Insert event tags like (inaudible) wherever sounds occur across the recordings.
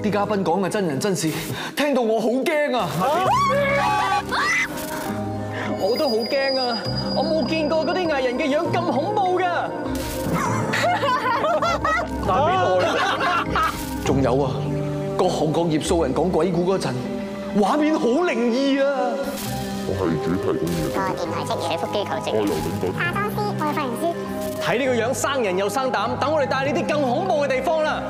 啲嘉賓講嘅真人真事，聽到我好驚啊我！我都好驚啊！我冇見過嗰啲藝人嘅樣咁恐怖嘅。仲有啊，各行各業素人講鬼故嗰陣，畫面好靈異啊！我係主題公園個電台職業複合機構成化妝師，髮型師。睇呢個樣，生人又生膽，等我哋帶你啲更恐怖嘅地方啦！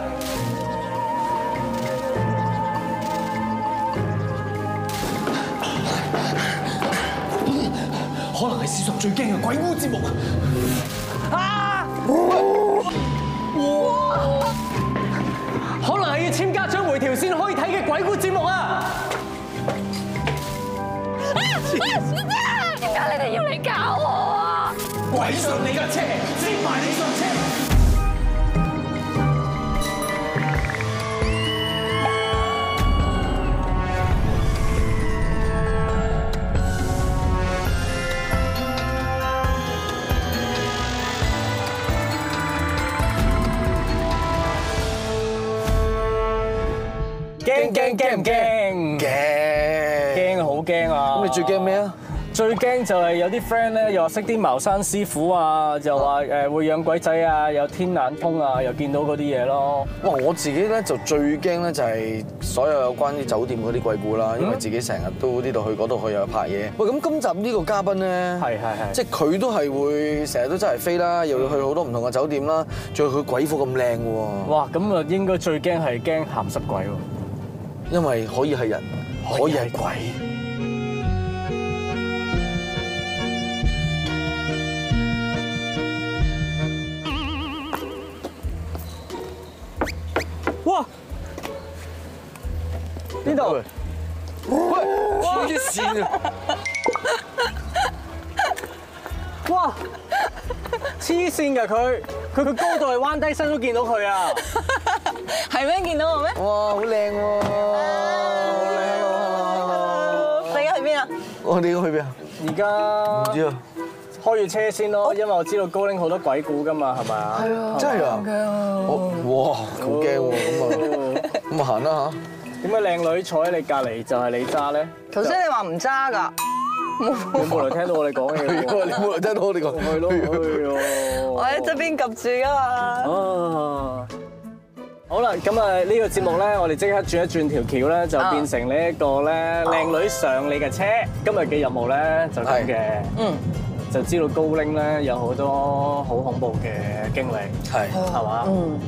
可能係史上最驚嘅鬼屋節目啊！可能係要簽家長回條先可以睇嘅鬼屋節目啊！小姐，點解你哋要嚟搞我？啊？鬼上你架車，車埋你上車。驚驚唔驚？驚驚好驚啊！咁你最驚咩啊？最驚就係有啲 friend 咧，又話識啲茅山師傅啊，又話誒會養鬼仔啊，有天眼通啊，又見到嗰啲嘢咯。哇！我自己咧就最驚咧就係所有有關啲酒店嗰啲鬼故啦，因為自己成日都呢度去嗰度去又拍嘢。喂，咁今集呢個嘉賓咧的，係係係，即係佢都係會成日都真係飛啦，又要去好多唔同嘅酒店啦，仲要佢鬼服咁靚喎。哇！咁啊，應該最驚係驚鹹濕鬼喎。因為可以係人，可以係鬼。哇！呢度，喂，哇！黐線啊！哇！黐線㗎佢，佢個高度係彎低身都見到佢啊！係咩？見到我咩？哇！好靚。我哋去邊啊？而家唔知啊，開住車先咯，因為我知道高 Ling 好多鬼故噶嘛，係咪啊？係啊，真係啊！我哇，好驚喎！咁啊，咁啊，行啦嚇！點解靚女坐喺你隔離就係你揸咧？頭先你話唔揸㗎，點冇理由聽到我哋講嘢喎？你冇理由聽到我哋講，係咯，我喺側邊 𥄫 住㗎嘛。好啦，咁啊呢個節目呢，我哋即刻轉一轉條橋呢，就變成呢一個呢，靚女上你嘅車。今日嘅任務呢，就咁嘅。嗯。就知道高 Ling 呢，有好多好恐怖嘅經歷。係係嘛。Well, 嗯.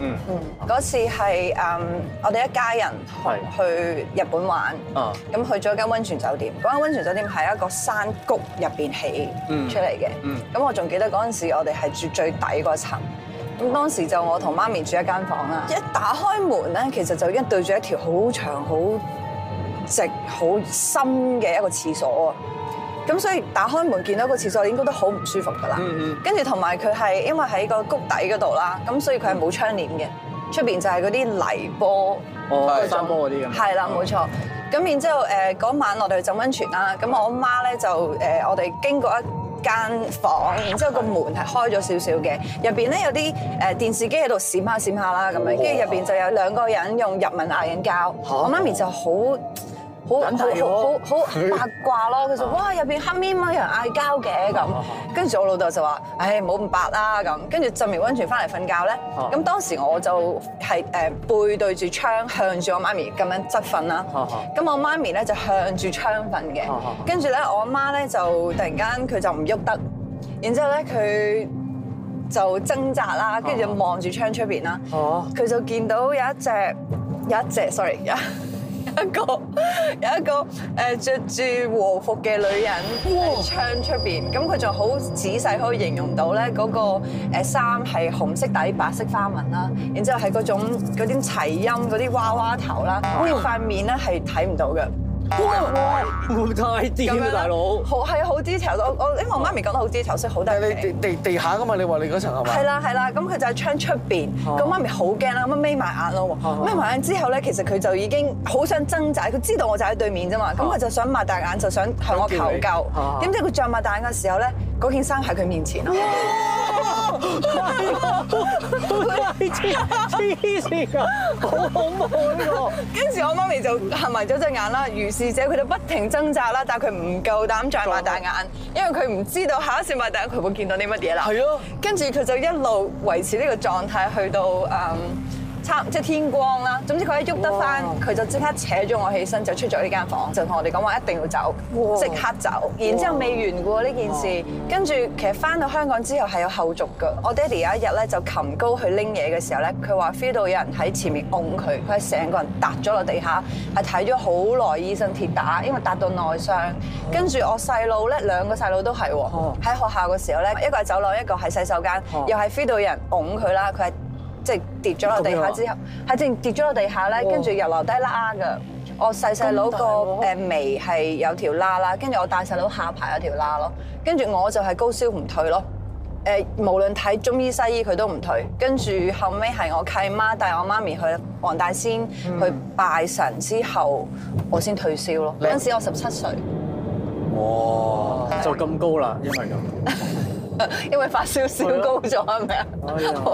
嗯嗯，嗰次係誒，我哋一家人係去日本玩，咁是的 去咗間溫泉酒店。嗰間溫泉酒店係一個山谷入邊起出嚟嘅，嗯，咁我仲記得嗰陣時我哋係住最底嗰層，咁、嗯、當時就我同媽咪住一間房啦。一打開門咧，其實就已經對住一條好長、好直、好深嘅一個廁所啊！咁所以打開門見到個廁所應該都好唔舒服噶啦，跟住同埋佢係因為喺個谷底嗰度啦，咁所以佢係冇窗簾嘅，出邊就係嗰啲泥波，山、哦、波嗰啲咁。係啦，冇錯。咁、哦、然之後誒嗰晚我哋去浸温泉啦，咁我媽咧就誒我哋經過一間房，然之後個門係開咗少少嘅，入邊咧有啲誒電視機喺度閃下閃下啦咁樣，跟住入邊就有兩個人用日文嗌緊交，我媽咪就好，好好好好八卦咯，佢就話入邊黑咪咪，人嗌交嘅咁，跟住我老豆就話，唉冇咁白啦咁。跟住浸完温泉翻嚟瞓覺咧，咁當時我就係誒背對住窗向住我媽咪咁樣側瞓啦。咁我媽咪咧就向住窗瞓嘅。跟住咧我媽咧就突然間佢就唔喐得，然之後咧佢就掙扎啦，跟住望住窗出邊啦。佢就見到有一隻有一隻，sorry。一 (laughs) 個有一個誒著住和服嘅女人喺窗出邊，咁佢就好仔細可以形容到咧，嗰個衫係紅色底白色花紋啦，然之後係嗰種嗰啲齊音嗰啲娃娃頭啦，呢塊面咧係睇唔到嘅。好大，好大佬，好係啊，好知潮醜咯！我因為我媽咪覺得好知醜，所以好低。你地地下噶嘛？你話你嗰層係咪？係啦係啦，咁佢就喺窗出邊。咁媽咪好驚啦，咁咪眯埋眼咯喎。眯埋眼之後咧，其實佢就已經好想掙扎。佢知道我就喺對面啫嘛，咁佢是的 就想擘大眼，就想向我求救。點知佢著擘大眼嘅時候咧？嗰件衫喺佢面前啊！哇！ (laughs) (laughs) 痴線啊！好恐怖咯跟住我媽咪就合埋咗隻眼啦，如是者佢就不停掙扎啦，但係佢唔夠膽再擘大眼，因為佢唔知道下一次擘大佢會見到啲乜嘢啦。係咯。跟住佢就一路維持呢個狀態去到誒。嗯即係天光啦，總之佢喺喐得翻，佢哇 就即刻扯咗我起身就出咗呢間房，就同我哋講話一定要走，即刻走。然之後未完喎呢件事哇，跟住其實翻到香港之後係有後續噶。我爹哋有一日咧就擒高去拎嘢嘅時候咧，佢話 feel 到有人喺前面拱佢，佢成個人揼咗落地下，係睇咗好耐醫生、跌打，因為揼到內傷。跟住我細佬咧，兩個細佬都係喺學校嘅時候咧一個喺走廊，一個喺洗手間，又係 feel 到有人拱佢啦，佢係。即係跌咗落地下之後，係正跌咗落地下咧，跟住又留低啦噶。我細細佬個誒眉係有條啦啦，跟住我大細佬下排有條啦咯。跟住我就係高燒唔退咯。誒，無論睇中醫西醫佢都唔退，跟住後尾係我契媽帶我媽咪去黃大仙去拜神之後，我先退燒咯。嗰厲害 時我十七歲，哇，就咁高啦，因為咁。因為發燒燒高咗係咪啊？吧吧可能，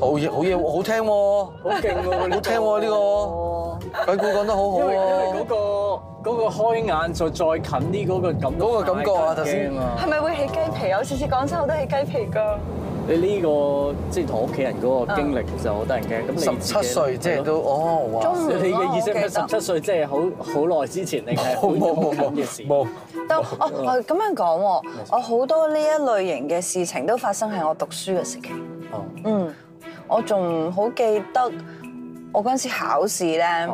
好嘢好嘢，好聽喎，好勁喎，好聽喎呢個。鬼故講得好好，因為嗰個嗰個開眼就再近啲嗰個感嗰個感覺啊吧！頭先係咪會起雞皮啊？ (laughs) 我次次講之我都起雞皮㗎。你呢個即係同屋企人嗰個經歷，其實好得人驚。咁你十七歲即係都哦哇，中文你嘅意思係十七歲即係好好耐之前，定係好冇冇冇嘅事。冇，但係我我咁樣講，不我好多呢一類型嘅事情都發生喺我讀書嘅時期。嗯，我仲好記得我嗰陣時考試咧。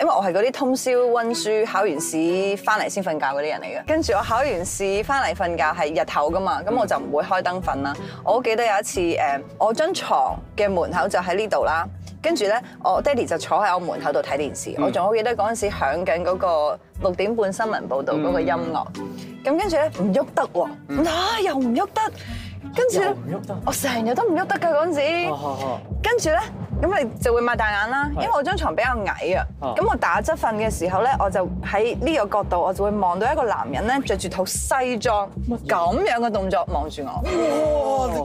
因為我係嗰啲通宵溫書、考完試翻嚟先瞓覺嗰啲人嚟嘅，跟住我考完試翻嚟瞓覺係日頭噶嘛，咁我就唔會開燈瞓啦。我記得有一次誒，我張床嘅門口就喺呢度啦，跟住咧我爹哋就坐喺我門口度睇電視，我仲好記得嗰陣時響緊嗰個六點半新聞報導嗰個音樂，咁跟住咧唔喐得喎，嗱又唔喐得。跟住咧，我成日都唔喐得噶嗰陣時。跟住咧，咁你就會擘大眼啦，因為我張床比較矮啊。咁係呀我打側瞓嘅時候咧，我就喺呢個角度，我就會望到一個男人咧，着住套西裝咁樣嘅動作望住我，因我，我、就是。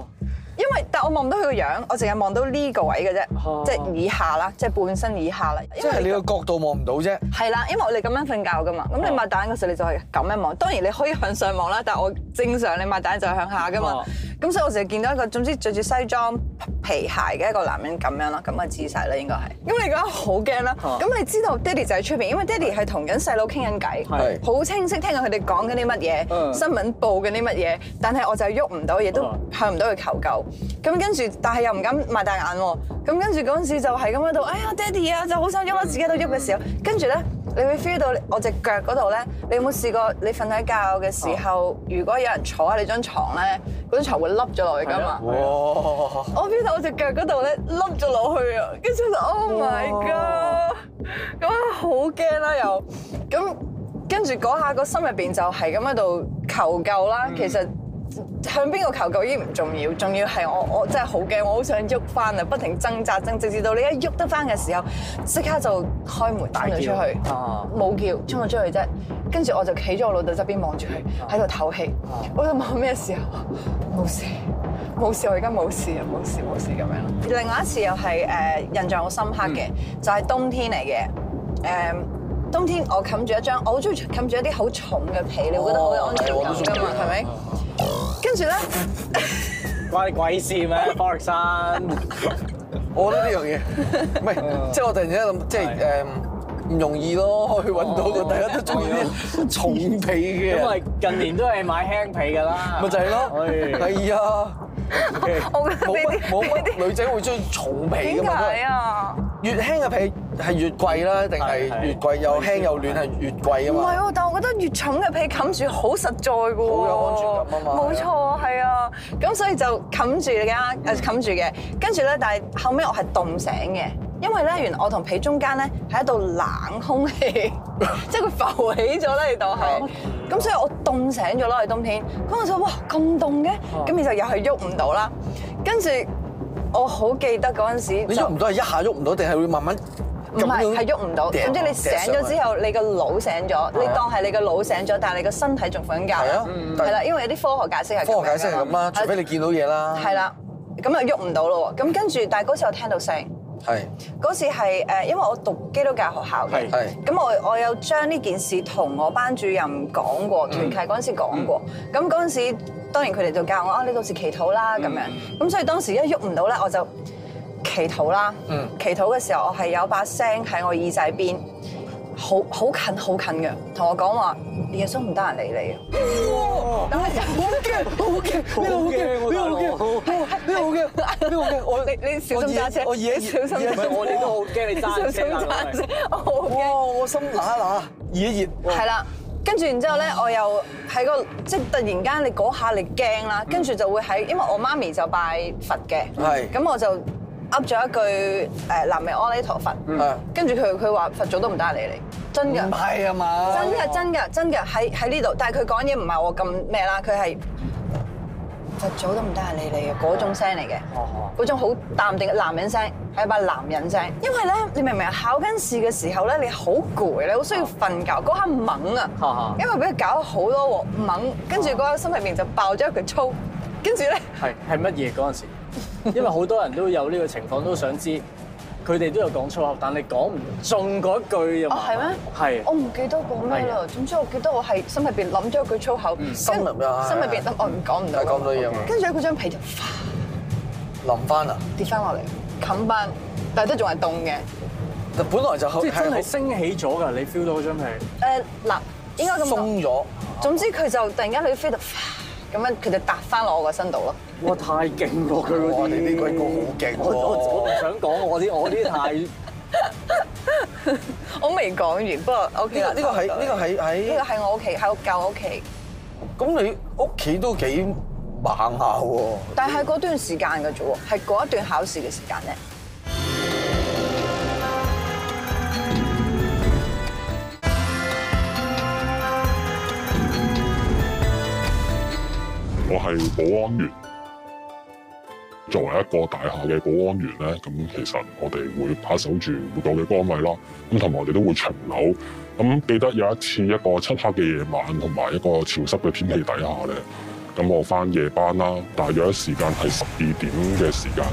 因為但我望唔到佢個樣，我淨係望到呢個位嘅啫，即係以下啦，即係半身以下啦。即係你個角度望唔到啫。係啦，因為我哋咁樣瞓覺噶嘛，咁你擘大眼嗰時你就係咁樣望。當然你可以向上望啦，但我正常你擘大眼就係向下噶嘛。咁所以我成日見到一個，總之着住西裝皮鞋嘅一個男人咁樣咯，咁嘅姿勢啦，應該係。咁你覺得好驚啦？咁你是嗎 知道爹 a 就喺出邊，因為爹 a d 係同緊細佬傾緊偈，係好是嗎 清晰聽緊佢哋講緊啲乜嘢新聞報緊啲乜嘢。但係我就喐唔到，亦都向唔到佢求救。咁跟住，但係又唔敢擘大眼喎。咁跟住嗰陣時就係咁喺度，哎呀爹 a d 啊，就好想喐我自己都喐嘅時候。跟住咧，你會 feel 到我隻腳嗰度咧，你有冇試過你瞓喺教嘅時候，如果有人坐喺你張床咧？好 嗰啲床會凹咗落去㗎嘛，我 feel 到我隻腳嗰度咧凹咗落去啊，跟住就 Oh my god，咁好驚啦又，咁跟住嗰下個心入邊就係咁喺度求救啦，其實向邊個求救已經唔重要，重要係我我真係好驚，我好想喐翻啊，不停掙扎掙，直至到你一喐得翻嘅時候，即刻就開門衝咗出去，冇叫，叫，衝咗出去啫。跟住我就企咗我老豆側邊望住佢喺度透氣， (music) 我就問咩事啊？冇事，冇事，事，我而家冇事啊，冇事冇事咁樣。另外一次又係誒印象好深刻嘅，就係、是、冬天嚟嘅誒冬天，我冚住一張，我好中意冚住一啲好重嘅被、哦，你會覺得好有安全感㗎嘛，係咪？跟住咧關你鬼事咩？方力申？我覺得呢樣嘢唔係，即係我突然之間諗，即係誒。唔 (music) 容易咯，可以揾到個第一都中意啲重被嘅。因咪近年都係買輕被噶啦。咪 (music) 就係咯，係啊。冇 (noise) 啲女仔會中重被噶嘛？點解啊？越輕嘅被係越貴啦，定係越貴又輕又暖係越貴啊？唔係喎，但我覺得越重嘅被冚住好實在噶喎。好有安全感啊嘛。冇對錯，係啊。咁所以就冚住㗎，誒冚住嘅。跟住咧，但係後尾我係凍醒嘅。因為咧，原來我同被中間咧係一道冷空氣，即係佢浮起咗咧，你當係。咁所以，我凍醒咗咯喺冬天。咁我就哇咁凍嘅，咁然後又係喐唔到啦。跟住我好記得嗰陣時。你喐唔到係一下喐唔到，定係會慢慢？唔係，係喐唔到。總之你醒咗之後，你個腦醒咗，你當係你個腦醒咗，但係你個身體仲瞓緊覺。係啊，係啦，因為有啲科學解釋係咁啊。科學解釋係咁啦，除非你見到嘢啦。係啦，咁啊喐唔到咯喎，咁跟住，但係嗰時我聽到聲。係嗰次係，誒，因為我讀基督教學校嘅，咁是我我有將呢件事同我班主任講過，團契嗰陣時講過，咁嗰陣時當然佢哋就教我啊，你到時祈禱啦咁樣，咁、嗯、所以當時一喐唔到咧，我就祈禱啦，嗯、祈禱嘅時候我係有把聲喺我耳仔邊。好好近好近嘅，同我講話耶穌唔得閒理你。哇！等你先，好驚，好驚，呢個好驚，呢個好驚，係咩好驚？咩好驚？我你你小心揸車，我熱，小心揸車，我你都好驚你揸車。小心揸車，我好驚。我心揦揦，熱一熱。係啦，跟住然之後咧，我又喺個即係突然間，你嗰下你驚啦，跟住就會喺，因為我媽咪就拜佛嘅，係咁我就，噏咗一句誒南無阿彌陀佛，跟住佢佢話佛祖都唔得閒理你，真㗎？唔係啊嘛！真㗎，真㗎，真㗎，喺喺呢度，但係佢講嘢唔係我咁咩啦，佢係佛祖都唔得閒理你嘅嗰種聲嚟嘅，嗰種好淡定嘅男人聲，係一把男人聲，因為咧你明唔明考緊試嘅時候咧你好攰，你好需要瞓覺嗰刻猛啊，因為俾佢搞好多㗎猛，跟住嗰個心裏面就爆咗一句粗，跟住咧係係乜嘢嗰陣時？因為好多人都有呢個情況，都想知，佢哋都有講粗口，但你講唔中嗰句又，哦係咩？係，我唔記得講咩啦。總之我記得我係心入邊諗咗一句粗口，心入邊諗，我唔講唔到，講咗嘢嘛。跟住嗰張被就翻，諗翻啦，跌翻落嚟，冚翻，但係都仲係凍嘅。就本來就好，即係升起咗噶，你 feel 到嗰張皮？誒嗱，應該咁講，鬆咗。總之佢就突然間 e l 到。咁樣佢就搭翻落我，身我個身度咯。哇！太勁喎，佢我哋呢個好勁。我我唔想講我啲我啲太， (laughs) 我未講完。不過 O K、呢個。呢、呢個係呢、呢個係喺呢個係我屋企喺我舊屋企。咁你屋企都幾猛下喎？但係嗰段時間嘅啫喎，係嗰一段考試嘅時間咧。係保安員，作為一個大廈嘅保安員呢，咁其實我哋會把守住唔同嘅崗位啦，咁同埋我哋都會巡樓。咁記得有一次一個漆黑嘅夜晚，同埋一個潮濕嘅天氣底下呢，咁我翻夜班啦，大約時間係十二點嘅時間，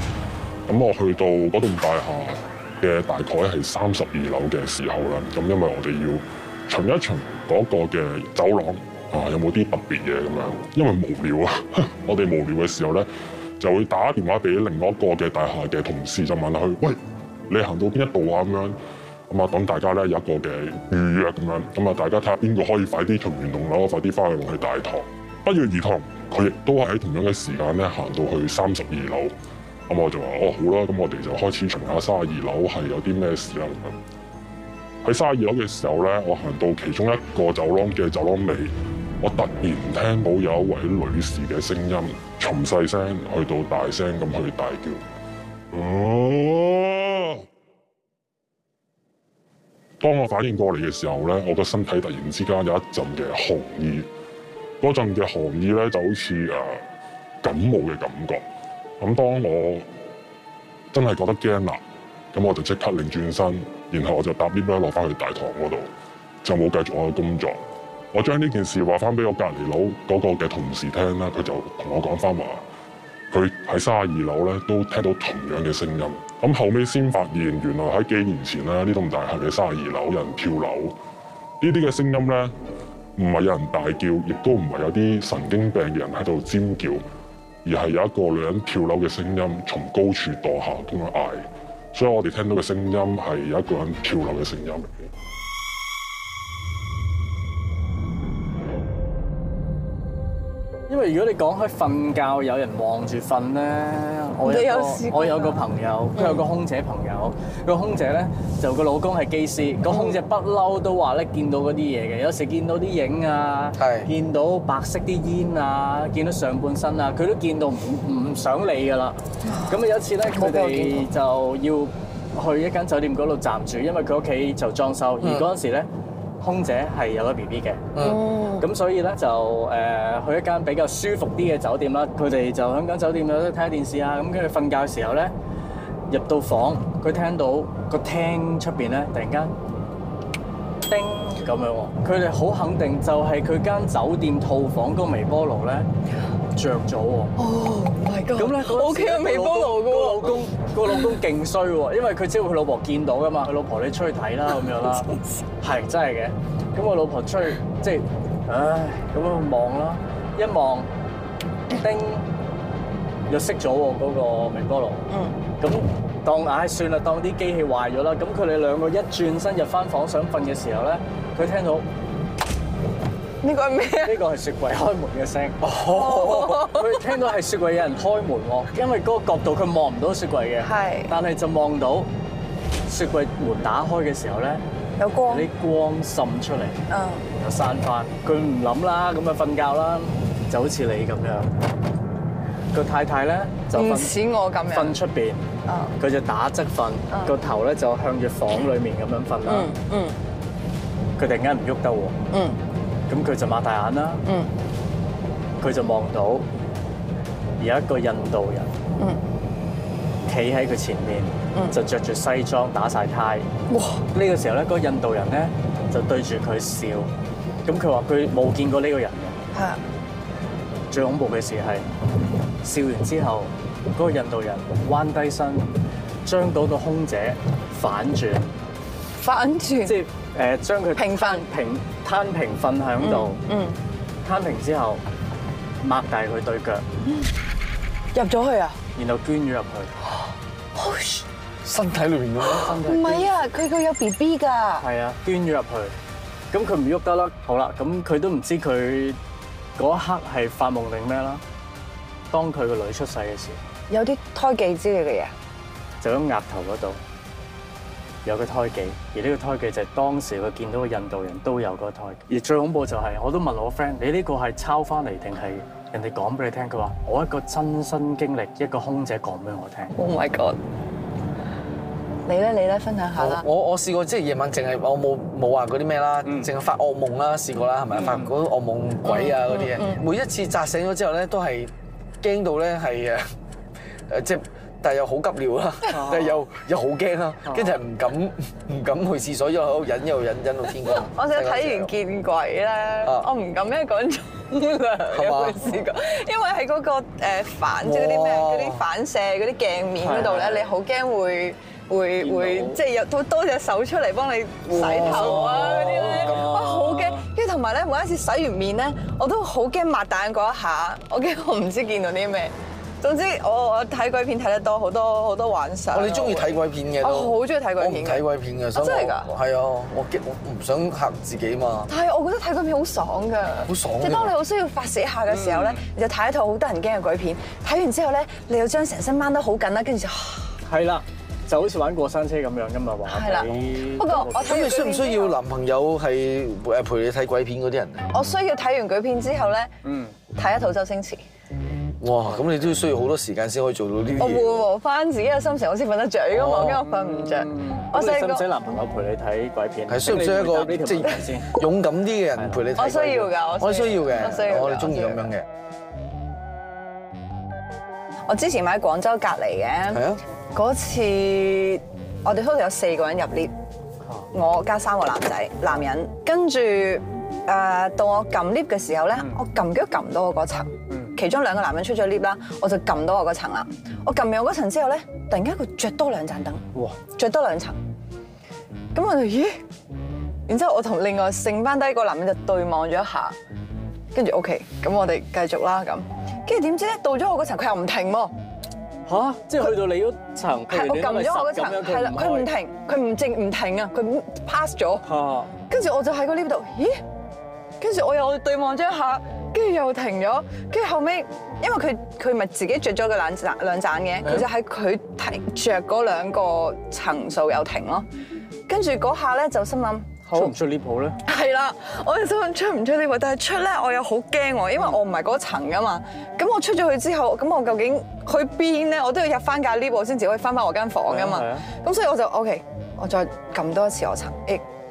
咁我去到嗰棟大廈嘅大概係三十二樓嘅時候啦，咁因為我哋要巡一巡嗰個嘅走廊。啊！有冇啲特別嘢咁樣？因為無聊啊， (laughs) 我哋無聊嘅時候咧，就會打電話俾另外一個嘅大廈嘅同事，就問下佢：喂，你行到邊一度啊？咁樣咁啊，等大家咧有一個嘅預約咁樣。咁啊，大家睇下邊個可以快啲從完棟樓快啲翻去我哋大堂。不約而同，佢亦都喺同樣嘅時間咧行到去三十二樓。咁我就話：哦，好啦，咁我哋就開始巡下三十二樓係有啲咩事啦。喺三十二樓嘅時候咧，我行到其中一個走廊嘅走廊尾。我突然聽到有一位女士嘅聲音，從細聲去到大聲咁去大叫，啊！當我反應過嚟嘅時候呢，我個身體突然之間有一陣嘅寒意，嗰陣嘅寒意呢，就好似誒感冒嘅感覺。咁當我真係覺得驚啦，咁我就即刻擰轉身，然後我就搭 lift 落翻去大堂嗰度，就冇繼續我嘅工作。我將呢件事話翻俾我隔離樓嗰個嘅同事聽啦，佢就同我講翻話，佢喺三十二樓咧都聽到同樣嘅聲音。咁後尾先發現，原來喺幾年前啦，呢棟大廈嘅三十二樓有人跳樓。呢啲嘅聲音咧，唔係有人大叫，亦都唔係有啲神經病嘅人喺度尖叫，而係有一個女人跳樓嘅聲音從高處墮下咁樣嗌。所以我哋聽到嘅聲音係有一個人跳樓嘅聲音嚟嘅。因為如果你講開瞓覺有人望住瞓咧，我有個有我有個朋友，佢對 有個空姐朋友，個空姐咧就個老公係機師，個空姐不嬲都話咧見到嗰啲嘢嘅，有時見到啲影啊，對 見到白色啲煙啊，見到上半身啊，佢都見到唔唔想理㗎啦。咁啊有一次咧，佢哋就要去一間酒店嗰度暫住，因為佢屋企就裝修，而嗰陣時咧。空姐係有咗 B B 嘅，咁所以咧就誒去一間比較舒服啲嘅酒店啦。佢哋就喺間酒店度睇下電視啊。咁跟住瞓覺嘅時候咧，入到房佢聽到個廳出邊咧，突然間叮咁樣。佢哋好肯定就係佢間酒店套房嗰個微波爐咧。着咗喎！哦，My God，OK 啊，微波爐嘅喎。個老公，個老公勁衰喎，因為佢知道佢老婆見到噶嘛。佢老婆，你出去睇啦咁樣啦。係 (laughs) 真係嘅。咁個老婆出去，即係，唉，咁樣望啦，一望，叮，又熄咗喎嗰個微波爐。嗯。咁當唉算啦，當啲機器壞咗啦。咁佢哋兩個一轉身入翻房想瞓嘅時候咧，佢聽到。呢個係咩啊？呢個係雪櫃開門嘅聲。哦，佢聽到係雪櫃有人開門喎，因為嗰個角度佢望唔到雪櫃嘅。係。但係就望到雪櫃門打開嘅時候咧，有光，啲光滲出嚟。嗯。又散翻，佢唔諗啦，咁咪瞓覺啦，就好似你咁樣。個太太咧就瞓。唔似我咁樣面。瞓出邊。佢就打側瞓，個頭咧就向住房裡面咁樣瞓啦。嗯。佢突然間唔喐得喎。嗯。咁佢就擘大眼啦，佢就望到有一個印度人企喺佢前面，就着住西裝打晒呔。哇！呢個時候咧，嗰個印度人咧就對住佢笑，咁佢話佢冇見過呢個人。嚇！最恐怖嘅事係笑完之後，嗰個印度人彎低身，將到個空姐反轉。反轉。即係。誒，將佢平瞓平攤分，平瞓響度，攤平，嗯嗯，攤平之後擘大佢對腳，入咗去啊！然後捐咗入去身體裏面嗰個身體。唔係啊，佢佢有 B B 㗎。係啊，捐咗入去，咁佢唔喐得啦。好啦，咁佢都唔知佢嗰一刻係發夢定咩啦。當佢個女出世嘅時候，有啲胎記之類嘅嘢，就喺額頭嗰度。有個胎記，而呢個胎記就係當時佢見到個印度人都有個胎記，而最恐怖就係我都問我 friend：你呢個係抄翻嚟定係人哋講俾你聽？佢話我一個親身經歷，一個空姐講俾我聽。Oh my god！你咧你咧分享下啦。我、啊、我，我，我試過即係夜晚淨係我冇冇話嗰啲咩啦，淨係發惡夢啦，試過啦，係咪啊？發嗰啲惡夢鬼啊嗰啲嘢，每一次扎醒咗之後咧，都係驚到咧係誒誒即係。但係又好急尿啦，但係又又好驚啦，跟住係唔敢唔敢去廁所，一路忍一路忍忍到天光。我想睇完見鬼啦，啊、我唔敢，一講，沖涼嘅視覺，因為喺嗰個反即嗰啲咩嗰啲反射嗰啲鏡面嗰度咧，是的 你好驚會會會到即係有多隻手出嚟幫你洗頭啊嗰啲咧，哇好驚！跟住同埋咧，的每一次洗完面咧，我都好驚抹蛋嗰一下，我驚我唔知見到啲咩。總之，我我睇鬼片睇得多，好多好多玩實。你中意睇鬼片嘅的。我好中意睇鬼片嘅。我睇鬼片嘅，真係㗎。係啊，我我唔想嚇自己嘛。但係我覺得睇鬼片好爽㗎。好爽！即係當你好需要發泄下嘅時候咧，你就睇一套好得人驚嘅鬼片。睇完之後咧，你又將成身掹得好緊啦，跟住就。係啦，就好似玩過山車咁樣㗎嘛，玩鬼片。係啦。不過我睇完。咁你需唔需要男朋友係陪你睇鬼片嗰啲人？我需要睇完鬼片之後咧，嗯，睇一套周星馳。哇！咁你都要需要好多時間先可以做到呢啲。我調和翻自己嘅心情，般般我先瞓得着嘅嘛，我驚我瞓唔着。我使唔使男朋友陪你睇鬼片嗎？睇需唔需要一個即勇敢啲嘅人陪你睇？我需要㗎，我需要嘅，我需要我哋中意咁樣嘅。我之前咪喺廣州隔離嘅，嗰的次我哋好似有四個人入 lift，我加三個男仔，男人，跟住誒到我撳 lift 嘅時候咧，我撳都撳唔到嗰層。其中兩個男人出咗 lift 啦，我就撳到我嗰層啦。我撳完我嗰層之後咧，突然間佢着多兩盞燈，哇，著多兩層。咁我就咦？然之後我同另外剩返低個男人就對望咗一下，跟住 OK，咁我哋繼續啦咁。跟住點知咧，到咗我嗰層佢又唔停喎。嚇！即係去到你嗰層，係我撳咗我嗰層，係啦，佢唔停，佢唔靜唔停啊，佢 pass 咗。跟住我就喺個 lift 度，咦？跟住我又對望咗一下。跟住又停咗，跟住後尾，因為佢佢咪自己着咗個兩盞兩盞嘅，其是嗎 就喺佢停着嗰兩個層數又停咯。跟住嗰下咧就心諗出唔出 lift 咧？係啦，我就心諗出唔出 lift，但係出咧我又好驚喎，因為我唔係嗰層噶嘛。咁我出咗去之後，咁我究竟去邊咧？我都要入翻架 lift，我先至可以翻返我間房噶嘛。咁所以我就 O K，我再撳多一次我層。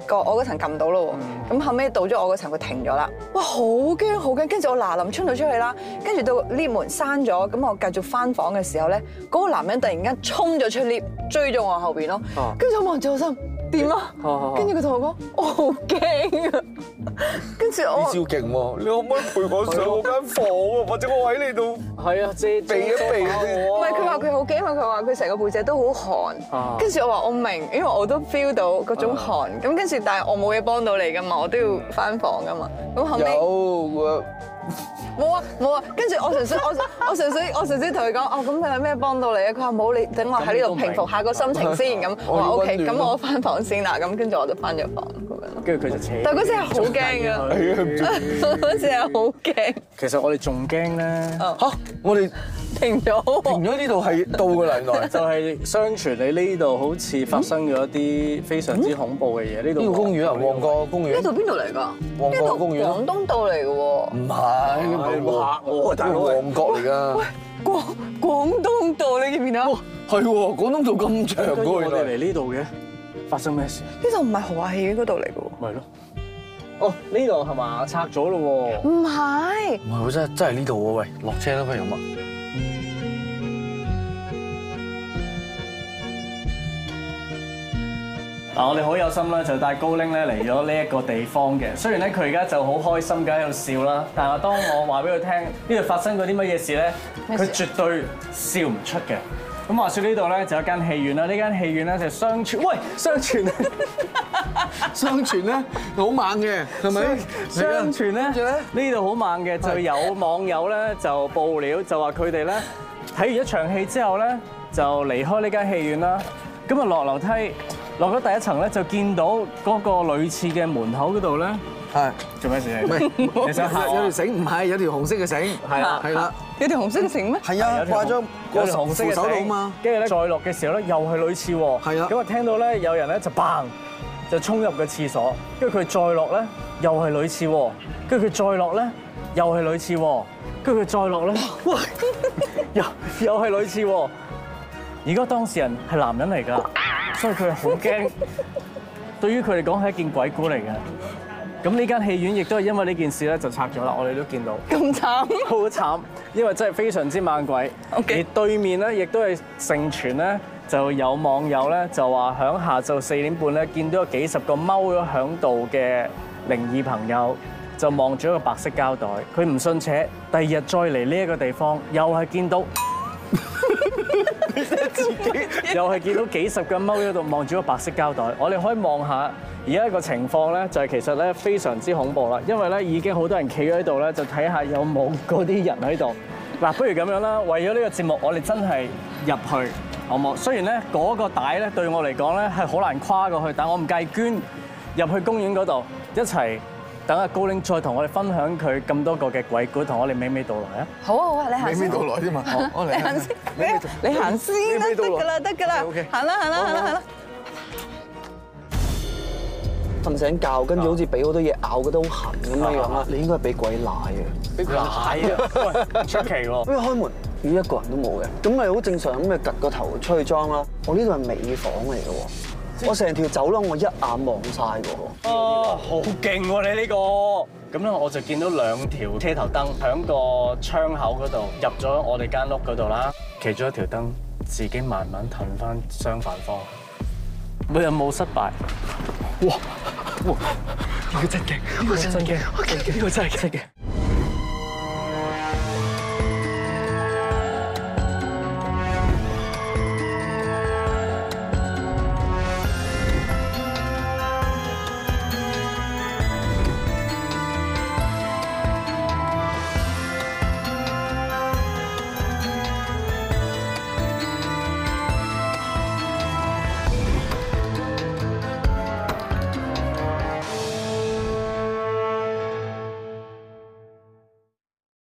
個我嗰層撳到咯，咁後尾到咗我嗰層佢停咗啦，哇，好驚好驚，跟住我嗱臨衝咗出去啦，跟住到 lift 門閂咗，咁我繼續翻房嘅時候咧，嗰、嗰個男人突然間衝咗出 lift 追咗我後邊咯，跟住我望住我心。點啊？是的 跟住佢同我講，我好驚啊！跟住我，你照勁你可唔可以陪我上我間房啊？或者我喺你度？係啊，遮係避一避我。唔係佢話佢好驚啊！佢話佢成個背脊都好寒。跟住是的 我話我明，因為我都 feel 到嗰種寒。咁跟住，但係我冇嘢幫到你㗎嘛，我都要返房㗎嘛。咁後尾冇啊冇啊，跟住我純粹我我純粹我純粹同佢講，哦咁你有咩幫到你啊？佢話冇，你等我喺呢度平復下個心情先咁。我話 OK，咁我返房先啦。咁跟住我就返咗房咁樣。跟住佢就扯。但嗰時係好驚㗎！嗰時係好驚。其實我哋仲驚咧嚇，我哋。停咗，停咗呢度係到嘅。零耐，就係、是、相傳你呢度好似發生咗一啲非常之恐怖嘅嘢。呢度呢個公園啊，旺角公園。呢度邊度嚟㗎？旺角公園。廣東道嚟嘅喎。唔係，唔係，嚇我啊大佬！旺角嚟㗎。喂，廣廣東道你見唔見啊？係喎，廣東道咁長，我哋嚟呢度嘅，發生咩事？呢度唔係豪華戲院嗰度嚟㗎喎。係咯。哦，呢度係嘛？拆咗啦喎。唔係。唔係，我唔係真真係呢度喎。喂，落車都不如咁啊！嗱，我哋好有心啦，就帶高 ling 咧嚟咗呢一個地方嘅。雖然咧，佢而家就好開心咁喺度笑啦，但係當我話俾佢聽呢度發生過啲乜嘢事咧，佢絕對笑唔出嘅。咁話説呢度咧就有一間戲院啦，呢間戲院咧就相傳，喂，相傳，相傳咧好猛嘅，係咪？相傳咧，跟住咧呢度好猛嘅，就有網友咧就報料，就話佢哋咧睇完一場戲之後咧就離開呢間戲院啦。咁啊落樓梯。落咗第一層咧，就見到嗰個女廁嘅門口嗰度咧，係做咩事啊？唔係是，你有條繩，唔係有條紅色嘅繩，係啦，係啦，有條紅色嘅繩咩？係啊，掛咗有紅色嘅手繩嘛。跟住咧再落嘅時候咧，又係女廁喎。係啊，咁啊聽到咧有人咧就嘭就衝入個廁所，跟住佢再落咧又係女廁，跟住佢再落咧又係女廁，跟住佢再落咧，哇，又又係女廁。而家當事人係男人嚟㗎。所以佢好驚，對於佢嚟講係一件鬼故嚟嘅。咁呢間戲院亦都係因為呢件事咧就拆咗啦，我哋都見到。咁慘？好慘！因為真係非常之猛鬼。而對面咧亦都係盛傳咧，就有網友咧就話響下晝四點半咧見到有幾十個踎咗喺度嘅靈異朋友，就望住一個白色膠袋。佢唔信邪，第二日再嚟呢一個地方，又係見到。自己又係見到幾十個人踎喺度望住個白色膠袋，我哋可以望下而家個情況咧，就係其實咧非常之恐怖啦，因為咧已經好多人企喺度咧，就睇下有冇嗰啲人喺度。嗱，不如咁樣啦，為咗呢個節目，我哋真係入去好冇？雖然咧嗰個帶咧對我嚟講咧係好難跨過去，但我唔介意捐入去公園嗰度一齊。等阿高 ling 再同我哋分享佢咁多個嘅鬼故，同我哋娓娓道來啊！好啊好啊，你行先。娓娓道來啫嘛，你行先。你你行先啦，得噶啦，得噶啦，行啦行啦行啦行啦。瞓醒覺，跟住好似俾好多嘢咬，覺得好痕咁樣樣啊！你應該係俾鬼奶啊！俾鬼奶啊！出奇喎！咩開門？咦，一個人都冇嘅。咁咪好正常咁，咪趌個頭出去裝啦。我呢度係美房嚟嘅喎。我成條走廊我一眼望曬喎，啊，好勁喎你呢個，咁咧我就見到兩條車頭燈喺個窗口嗰度入咗我哋間屋嗰度啦，其中一條燈自己慢慢褪翻相反方向，冇，有冇失敗？哇哇，呢個真勁，呢個真勁，呢個真係真嘅。